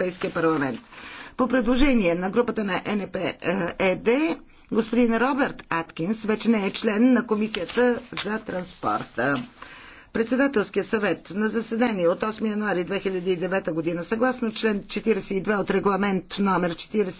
Европейския парламент. По предложение на групата на НП ЕД, е господин Роберт Аткинс вече не е член на Комисията за транспорта. Председателския съвет на заседание от 8 януари 2009 година, съгласно член 42 от регламент номер 40